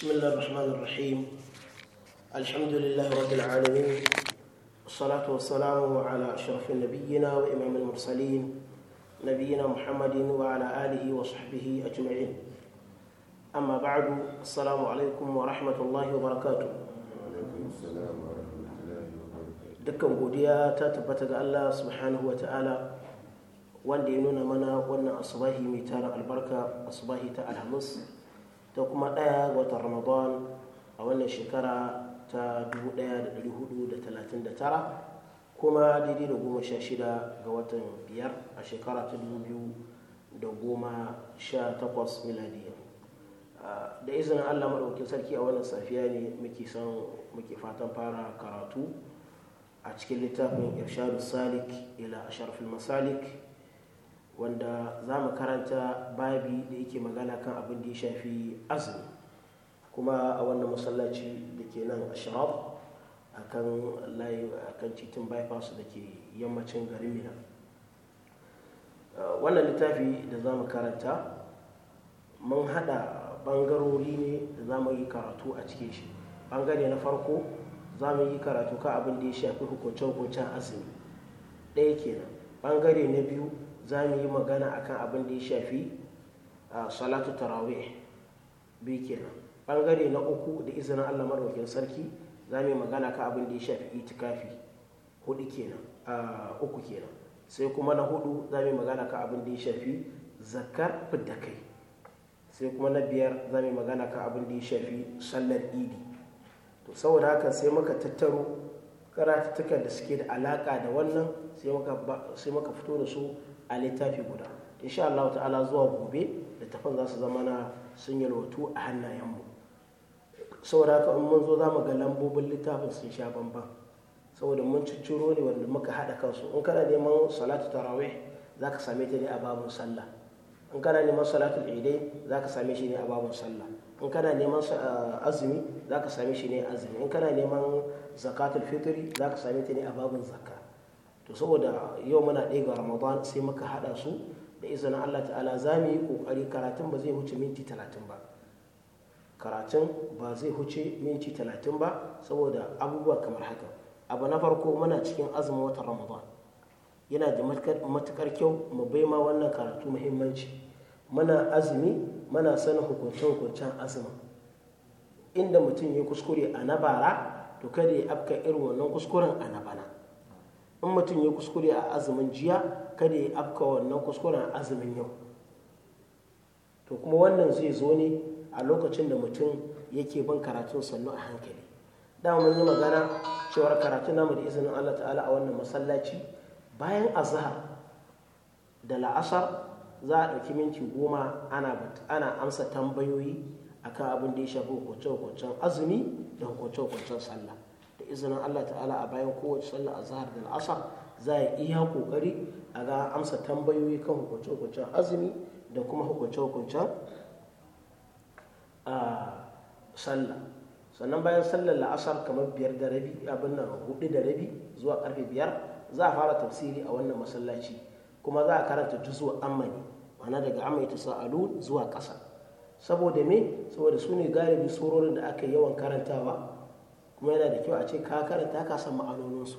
بسم الله الرحمن الرحيم الحمد لله رب العالمين والصلاة والسلام على أشرف نبينا وإمام المرسلين نبينا محمد وعلى آله وصحبه أجمعين أما بعد السلام عليكم ورحمة الله وبركاته dukkan godiya ta tabbata ga Allah subhanahu wa ta'ala wanda ya nuna mana wannan asubahi mai tarin albarka asubahi ta alhamis ta kuma ɗaya ga watan ramadan a wannan shekara ta 1439 kuma daidai da goma sha shida ga watan biyar a shekara ta 2018 miladiyya ah, da izinin allah maɗaukin sarki a wannan safiya ne muke son muke fatan fara karatu a cikin littafin irshadu salik ila sharfin masalik wanda za mu karanta babi da yake magana kan abin da ya shafi azumi kuma a wannan masallaci da ke nan ashraf a kan layin a kan titin bypass da ke yammacin garin mina uh, wannan littafi da za mu karanta mun hada bangarori ne da za mu yi karatu a cikin shi bangare na farko za mu yi karatu kan abin da ya shafi hukuncen hukuncen azumi ɗaya kenan bangare na biyu za mu yi magana akan abin da ya shafi a salatu tarawih bi kenan bangare na uku da izinin allah maɗaukin sarki za mu yi magana kan abin da ya shafi itikafi hudu kenan a uku kenan sai kuma na hudu za mu yi magana kan abin da ya shafi zakar fidda kai sai kuma na biyar za mu yi magana kan abin da ya shafi sallar idi to saboda haka sai muka tattaro karatuttukan da suke da alaka da wannan sai muka fito da su a littafi guda insha Allah ta'ala zuwa gobe littafan za su zama na sun yalwatu a hannayenmu saboda haka in mun zo za mu ga lambobin littafin sun sha bamban saboda mun cicciro ne wanda muka haɗa kansu in kana neman salatu tarawih za ka same ta ne a babun sallah in kana neman salatu idai za ka same shi ne a babun sallah in kana neman eh, azumi za ka same shi ne azumi in kana neman zakatul fitri za ka same ta ne a babun zakka to saboda yau muna ɗaya ga ramadan sai muka haɗa su da izinin allah ta'ala za mu yi ƙoƙari karatun ba zai huce minti talatin ba karatun ba zai huce minti talatin ba saboda abubuwa kamar haka abu na farko muna cikin azumin watan ramadan yana da matukar kyau mu bai ma wannan karatu muhimmanci muna azumi muna sanin hukuncen hukuncen azumin inda mutum ya kuskure a na bara to kada ya afka irin wannan kuskuren a na bana in mutum ya kuskure a azumin jiya kada ya afka wannan kuskuren azumin yau to kuma wannan zai zo ne a lokacin da mutum yake bin karatun sannu a hankali dama mun yi magana cewar karatun namu da izinin Allah ta'ala a wannan masallaci bayan azhar da la'asar za a ɗauki minti goma ana amsa tambayoyi akan abin da ya shafi hukunce-hukuncen azumi da hukunce-hukuncen sallah izinin Allah ta'ala a bayan kowace sallah a zahar da al'asa za a iya kokari a ga amsa tambayoyi kan hukunce-hukuncen azumi da kuma hukunce-hukuncen ah, sallah sannan bayan sallar la'asar kamar biyar da rabi abin nan hudu da rabi zuwa karfe biyar za a fara tafsiri a wannan masallaci kuma za a karanta juzuwa amani mana daga amai ta sa'alu zuwa ƙasa saboda me saboda su ne galibi surorin da aka yawan karantawa kuma yana da kyau a ce ka karanta ka san ma'anoninsu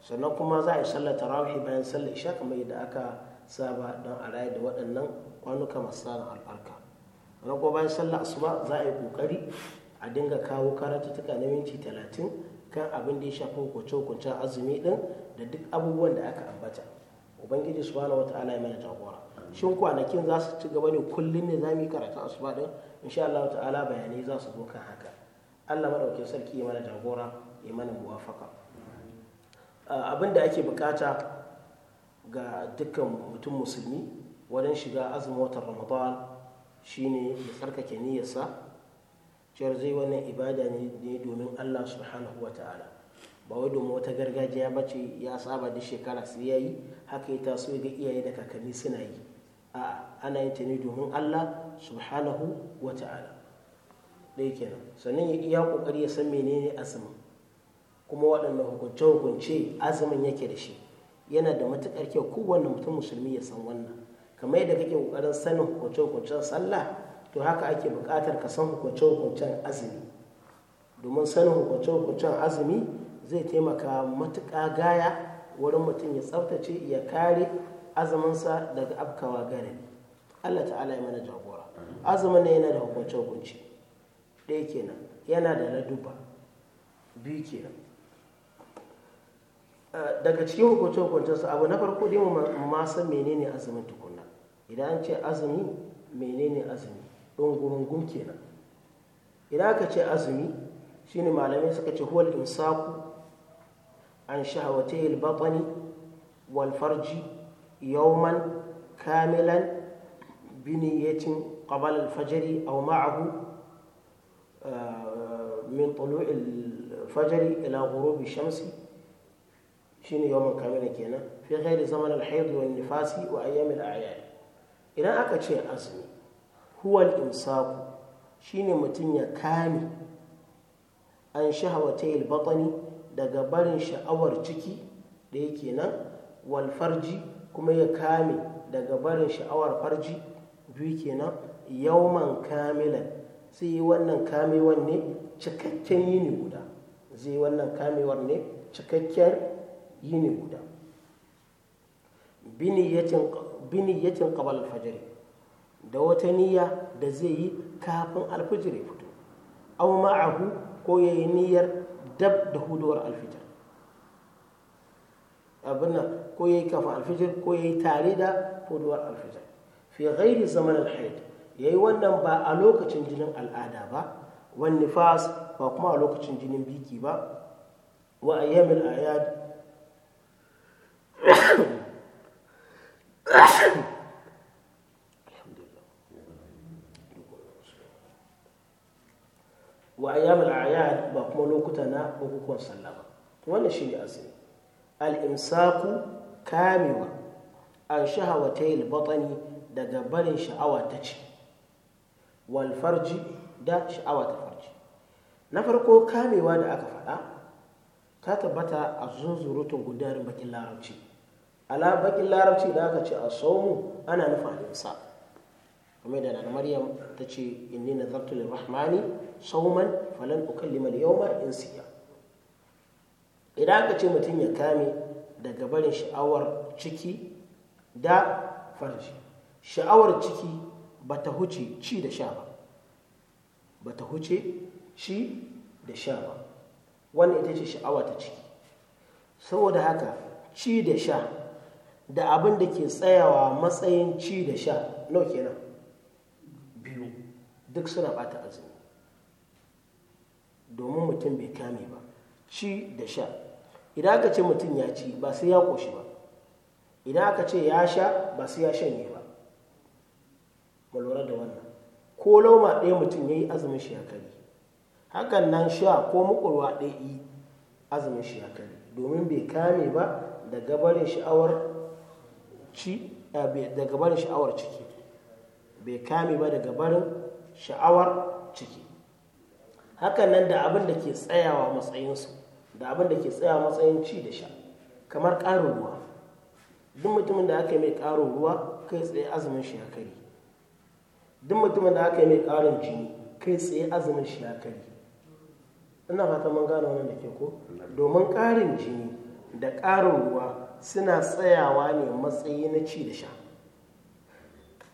sannan kuma za a yi sallar tarawih bayan sallar isha kamar yadda aka saba don a raya da waɗannan kwanuka masu tsarin albarka sannan kuma bayan sallar asuba za a yi kokari a dinga kawo karatuttuka na minti talatin kan abin da ya shafi hukunce-hukuncen azumi ɗin da duk abubuwan da aka ambata ubangiji subhanahu wata'ala ya mana jagora shin kwanakin za su ci gaba ne kullum ne za mu yi karatun asuba ɗin insha Allah ta'ala bayanai za su zo kan haka Allah maɗaukin sarki mana jagora ya mana muwafaka ah, abin da ake bukata ga dukkan mutum musulmi wajen shiga azumin watan ramadan shine ya tsarkake niyyarsa cewar zai wannan ibada ne domin Allah subhanahu wa ta'ala ba wai domin wata gargajiya ba ce ya saba da shekara sai ya yi haka ya taso ga iyaye da kakanni suna yi a'a ana yin ta ne domin Allah subhanahu wa ta'ala ɗaya kenan sannan ya iya ƙoƙari ya san menene azumin kuma waɗanda hukunce-hukunce azumin yake da shi yana da matuƙar kyau kowane mutum musulmi ya san wannan kamar yadda kake ƙoƙarin sanin hukunce-hukuncen sallah to haka ake buƙatar ka san hukunce-hukuncen azumi domin sanin hukunce-hukuncen azumi zai taimaka matuƙa gaya wurin mutum ya tsaftace ya kare azuminsa daga afkawa gare Allah ta'ala ya mana jagora azumin ne yana da hukunce-hukunce ɗaya kenan yana da duba biyu kenan eh, daga cikin hukunce-hukuncensa abu na farko dai ma menene azumin tukuna idan an ce azumi menene azumi ke kenan idan aka ce azumi shine malamai suka ce huwal insaku an shahawate albatani wal farji yawman kamilan biniyacin ƙabalar alfajari auma abu. min طلوع الفجر إلى غروب الشمس shine yawan kamila kenan fi ghairi zaman al-hayd wal wa ayyam al-a'yad idan aka ce azumi huwal al-imsaku shine mutum ya kame an shahawatay al-batni daga barin sha'awar ciki da yake nan wal farji kuma ya kame daga barin sha'awar farji biyu kenan yawman kaminan. sai yi wannan kamewar ne cikakken yini guda zai yi wannan kamewar ne cikakkiyar yini guda biniyacin kabal alfajiri da wata niyya da zai yi kafin alfajiri fito an ma'ahu ko ya yi niyyar dab da huduwar alfijir abin ko ya yi kafin alfijir ko ya yi tare da huduwar alfijir fi ghairi zaman alhaid ya yi wannan ba a lokacin jinin al'ada ba wani nifas ba kuma a lokacin jinin biki ba wa ayyamin ayyad wa a ayad ba kuma lokuta na bukukuwan sallah ba shi ne asali al'insaku imsaku kamewa an yi batani daga barin sha'awa ta ce Walfarji da sha'awa ta farji na farko kamewa da aka faɗa ta tabbata a zunzurutun gudanar bakin larabci ala bakin larabci da aka ce a saumu ana nufa alimsa kamar da nan maryam ta ce inni na zartu rahmani sauman falan ukallima da yau ma in siya idan aka ce mutum ya kame daga barin sha'awar ciki da farji sha'awar ciki ba ta huce ci da sha ba ba ta huce ci da sha ba wannan ita ce sha'awa ta ciki saboda haka ci da sha da abin da ke tsayawa matsayin ci da sha nau kenan biyu duk suna bata azumi domin mutum bai kame ba ci da sha idan aka ce mutum ya ci ba sai ya koshi ba idan aka ce ya sha ba sai ya shanye ba mu lura da wannan ko loma ɗaya mutum ya yi azumin shi a hakan nan sha ko mukurwa ɗaya yi azumin shi a kare domin bai kame ba da gabarin sha'awar ciki bai kame ba da gabarin sha'awar ciki hakan nan da abin da ke tsayawa matsayinsu da abin da ke tsayawa matsayin ci da sha kamar ƙarin ruwa duk mutumin da aka yi mai ƙarin ruwa kai tsaye azumin shi a kare duk mutumin da aka yi mai ƙarin jini kai tsaye azumin shi ya kari ina fata mun gane wannan da ke ko domin ƙarin jini da ƙarin ruwa suna tsayawa ne matsayi na ci da sha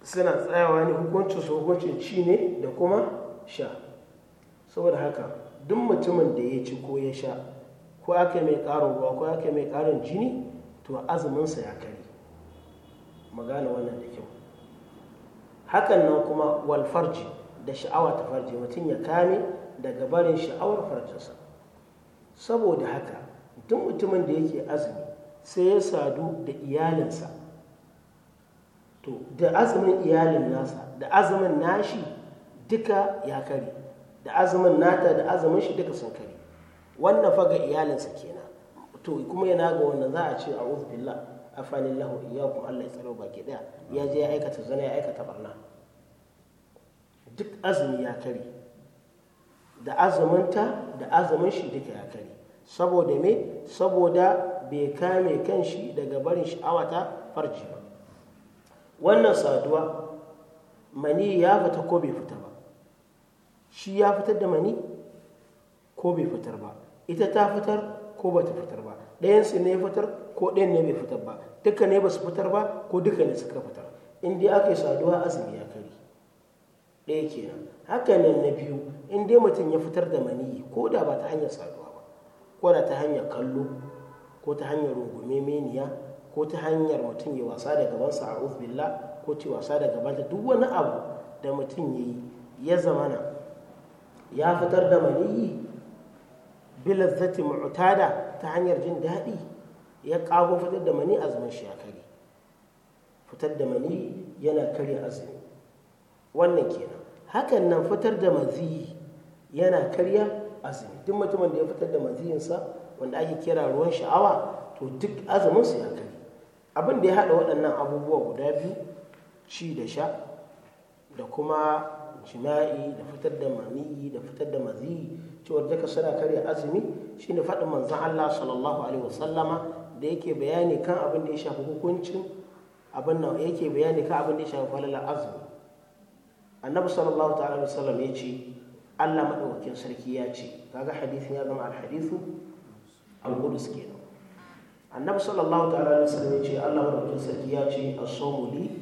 suna tsayawa ne hukuncin su hukuncin ci ne da kuma sha saboda haka duk mutumin da ya ci ko ya sha ko aka mai ƙarin ruwa ko aka mai ƙarin jini to azuminsa ya kare magana wannan da kyau hakan nan kuma wal farji da sha'awa ta farji mutum ya kame daga barin sha'awar farjinsa saboda haka duk mutumin da yake azumi sai ya sadu da iyalinsa to da azumin iyalin nasa da azumin nashi duka ya kare da azumin nata da azumin shi duka sun kare wannan faga iyalinsa kenan to kuma yana ga wannan za a ce a billah afalin lahu iyyakum Allah ya tsaro baki daya ya je ya aikata zana ya aikata barna duk azumi ya kare da azuminta da azumin shi duka ya kare saboda me saboda bai kame kan shi daga barin sha'awa ta farji ba wannan saduwa mani ya fita ko bai fita ba shi ya fitar da mani ko bai fitar ba ita ta fitar ko ba ta fitar ba ɗayan su ne fitar ko ɗayan ne bai fitar ba duka ne ba su fitar ba ko duka ne suka fitar in dai aka yi saduwa azumi ya kari ɗaya kenan haka ne na biyu in dai mutum ya fitar da maniyi ko da ba ta hanyar saduwa ba ko da ta hanyar kallo ko ta hanyar rungume meniya ko ta hanyar mutum ya wasa da gabansa a billah ko ta wasa da da duk wani abu da mutum ya yi ya zamana ya fitar da maniyi bilazzati mu'tada ta hanyar jin daɗi ya ƙago fitar da mani azumin shi ya kare fitar da mani yana kare azumi wannan kenan hakan nan fitar da mazi yana karya azumi duk mutumin da ya fitar da maziyinsa wanda ake kira ruwan sha'awa to duk azuminsu ya kare abin da ya haɗa waɗannan abubuwa guda biyu ci da sha da kuma jima'i da fitar da maniyi da fitar da maziyi cewar duka suna karya azumi shine faɗin manzon Allah sallallahu alaihi wasallama da yake bayani kan abin da ya shafi hukuncin abin nan yake bayani kan abin da ya shafi falalar azumi annabi sallallahu ta'ala alaihi wasallam ya ce Allah sarki ya ce kaga hadisin ya zama alhadisu al-qudus kenan annabi sallallahu ta'ala alaihi wasallam ya ce Allah sarki ya ce as-sawmu li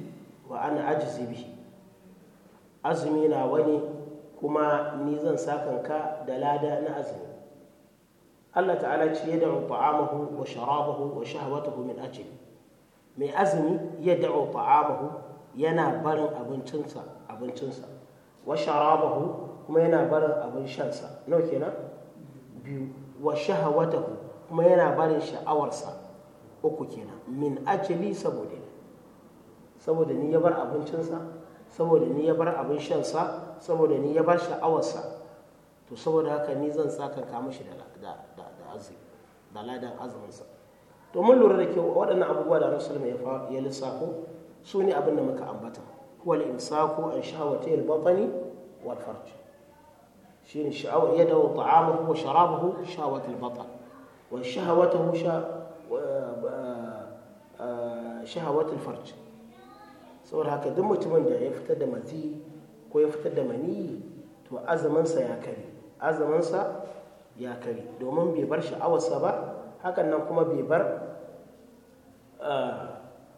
wa ana ajzi bihi azumi na wani kuma ni zan ka da lada na azumi Allah ta'ala ce ya da'u ta'amahu wa sharabahu wa shahwatahu min ajli mai azumi ya da'u ta'amahu yana barin abincinsa abincinsa wa sharabahu kuma yana barin abin shansa nawa kenan biyu wa shahawatahu kuma yana barin sha'awarsa uku kenan min ajli saboda saboda ni ya bar abincinsa saboda ni ya bar abin shansa saboda ni ya bar sha'awarsa to saboda haka ni zan tsakanka mashi da azumi da ladan azuminsa to mun lura da ke waɗannan abubuwa da rasul mai ya lissafo su ne abin da muka ambata wal imsaku an shawati al batani wal farj shi ne sha'awa yada wa ta'amahu wa sharabahu shawati al batan wa shahawatahu sha al farj saboda haka duk mutumin da ya fitar da mazi ko ya fitar da maniyi to azamansa ya kare azamansa ya kare domin bai bar sha'awarsa ba hakan nan kuma bai bar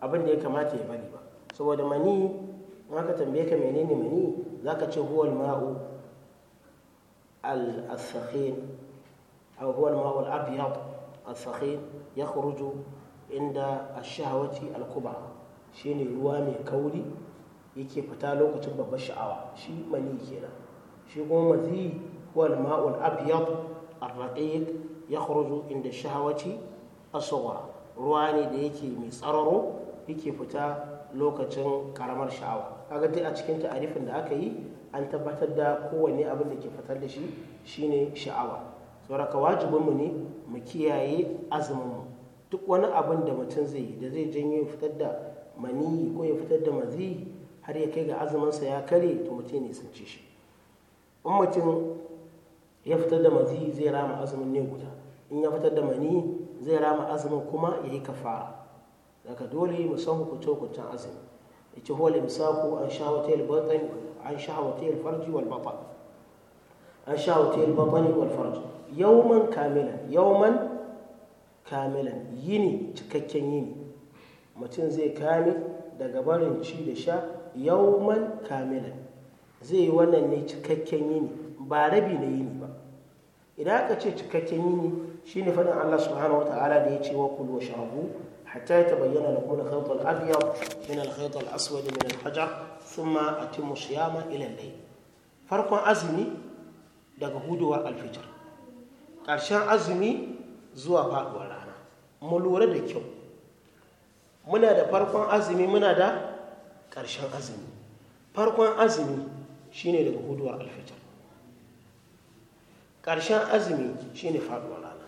abin da ya kamata ya bari ba saboda mani in tambaye ka menene mani za ka ce huwal ma'u al asakhin aw huwal ma'u al-abyad al-sakhin yakhruju inda ash-shahawati al-kubra shine ruwa mai kauri yake fita lokacin babbar sha'awa shi mani kenan shi kuma mazi huwa al-ma'u a abyad ar-raqiq inda shahawati as ruwa ne da yake mai tsararo yake fita lokacin karamar sha'awa kaga dai a cikin ta'arifin da aka yi an tabbatar da kowanne abin da ke fitar da shi shi ne sha'awa sauraka wajibinmu ne mu kiyaye azumin duk wani abin da mutum zai yi da zai janyo fitar da maniyi ko ya fitar da mazi har ya kai ga azuminsa ya kare to mutum ne sun ci shi in mutum ya fitar da mazi zai rama azumin ne guda in ya fitar da mani zai rama azumin kuma ya yi kafara daga dole mu san hukuncin hukuncin azumi ya ce huwa limsaku an sha shahawata yalbatan an sha wata shahawata farji, wal bafa an sha wata shahawata yalbatan wal farji yawman kamilan man kamilan yini cikakken yini mutum zai kame daga barin ci da sha yauman kamilan zai yi wannan ne cikakken yini ba rabi na yini ba idan aka ce cikakken yini shine faɗin Allah subhanahu wa ta'ala da ya ce wa kulu wa shabu حتى يتبين لكم الخيط الأبيض من الخيط hajar من الحجر ثم أتم الصيام إلى الليل Farkon azumi daga huduwar alfijar ƙarshen azumi zuwa faɗuwar rana mu lura da kyau muna da farkon azumi muna da ƙarshen azumi farkon azumi shine daga huduwar alfitar ƙarshen azumi shine faduwar rana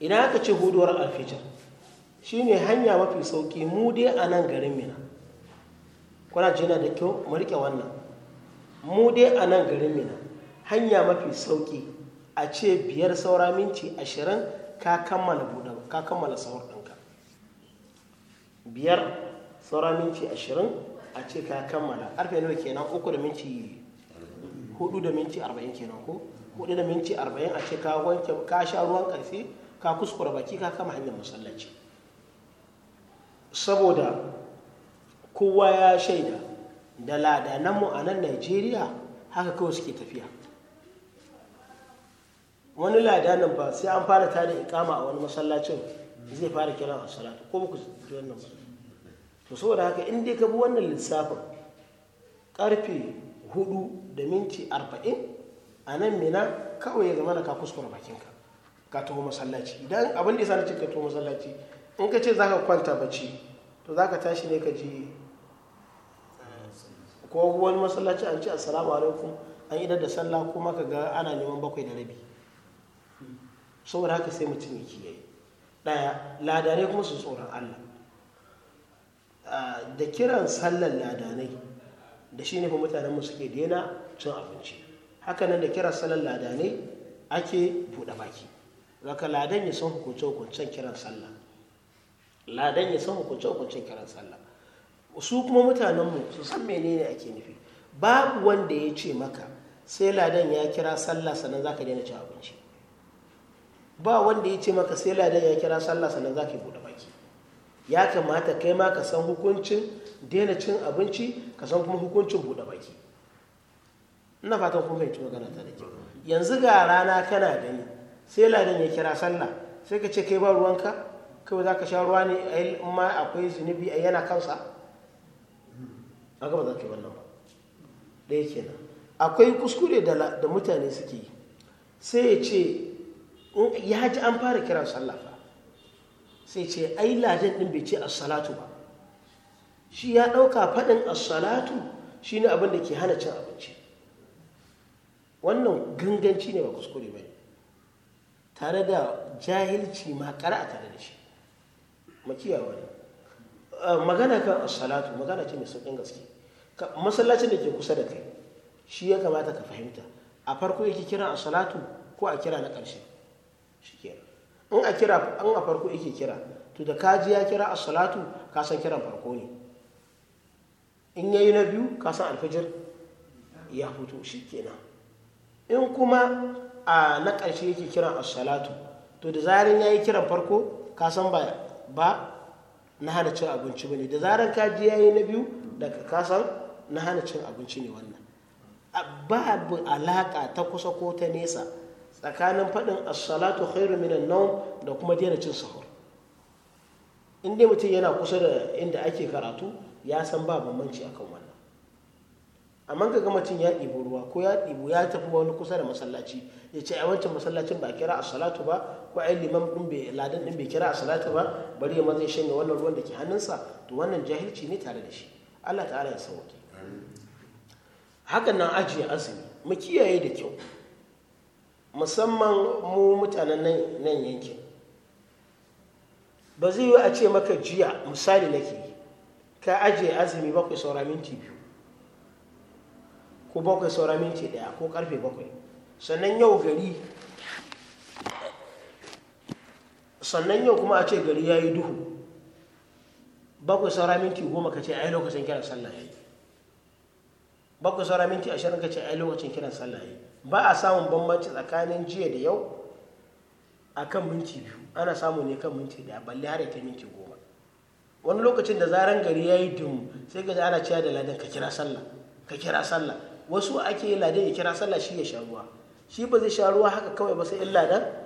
idan aka ce huduwar alfitar shine hanya mafi sauki mu dai a nan garin mina kuna jina da kyau mu wannan mu dai a nan garin mina hanya mafi sauki a ce biyar saura minti ashirin ka kammala saurin biyar saura minci ashirin a ce ka kammala arfe nawa kenan uku da minci hudu da minci arba'in kenan ko hudu da minci arba'in a ce ka wanke ka sha ruwan karfi ka kuskura baki ka kama hanyar masallaci saboda kowa ya shaida da ladananmu a nan najeriya haka kawai suke tafiya wani ladanin ba sai an fara tada ikama a wani masallacin zai fara kiran a salatu ko ba ku ji wannan ba to saboda haka in dai ka bi wannan lissafin karfe hudu da minti arba'in a nan mina kawai ya zama ka kuskura bakinka ka taho masallaci idan abin da ya sani ka taho masallaci in ka ce za ka kwanta bacci to za ka tashi ne ka ji eh, ko wani masallaci an ce assalamu alaikum an idar da sallah kuma ka ga ana neman bakwai da rabi saboda haka sai mutum ya kiyaye daya ladare kuma su tsoron allah da kiran sallar ladanai da shi ne fa mutanen mu suke dena cin abinci hakanan da kiran sallar ladanai ake buɗe baki zaka ladan ya san hukunce hukuncen kiran sallah ladan ya san hukunce hukuncen kiran sallah su kuma mutanen mu su san menene ake nufi babu wanda ya ce maka sai ladan ya kira sallah sannan zaka daina cin abinci ba wanda ya ce maka sai ladan ya kira sallah sannan zaka buɗe ya kamata kai ma ka san hukuncin daina cin abinci ka san kuma hukuncin buɗe baki ina fatan kuma fahimci magana ta da kyau yanzu ga rana kana gani sai ladan ya kira sallah sai ka ce kai ba ruwanka kawai za ka sha ruwa ne in ma akwai zunubi a yana kansa a gaba za ka yi wannan ba ɗaya kenan akwai kuskure da mutane suke yi sai ya ce ya ji an fara kiran sallah sai ce ai lajen din bai ce as ba shi ya ɗauka faɗin as shi shine abin da ke hana cin abinci wannan ganganci ne ba kuskure ba tare da jahilci ma kara a tare da shi makiyawa ne ah, magana kan as magana ce mai sauƙin gaske masallacin da ke kusa da kai shi ya kamata ka fahimta a farko yake kira as ko a kira na ƙarshe shi kenan in a kira an a farko yake kira to da kaji ya kira as-salatu ka san kiran farko ne in yayi na biyu ka san alfajir ya fito kenan in kuma a na ƙarshe yake kiran as-salatu to da zarin yayi kiran farko ka san ba ba na hana cin abinci bane da zarin kaji yayi na biyu da ka san na hana cin abinci ne wannan babu alaka ta kusa ko ta nesa tsakanin faɗin assalatu khairu minan naum da kuma daina cin sahur in mutum yana kusa da inda ake karatu ya san ba bambanci akan wannan amma ka ga mutum ya ɗibo ruwa ko ya ɗibi ya tafi wani kusa da masallaci ya ce a wancan masallacin ba a kira assalatu ba ko yi liman ɗin bai ladan ɗin bai kira assalatu ba bari ya maza ya shanye wannan ruwan da ke hannunsa to wannan jahilci ne tare da shi Allah ta'ala ya sauke hakan nan ajiye azumi mu kiyaye da kyau musamman mu mutanen nan yankin ba zai yi a ce maka jiya misali nake ka ajiye azumi bakwai saura minti biyu ko bakwai saura minti daya ko karfe bakwai sannan yau gari sannan yau kuma a ce gari ya yi duhu bakwai saura minti goma ka ce yi lokacin kiran sallah ya yi bakwai saura minti ashirin ka ce yi lokacin kiran sallah ya yi ba a samun bambanci tsakanin jiya da yau a kan minti biyu ana samu ne kan minti da balle har ta minti goma wani lokacin da zaren gari ya yi dum sai ga ana ciyar da ladan ka kira sallah ka kira sallah wasu ake ladan ya kira sallah shi ya sha ruwa shi ba zai sha ruwa haka kawai ba sai in ladan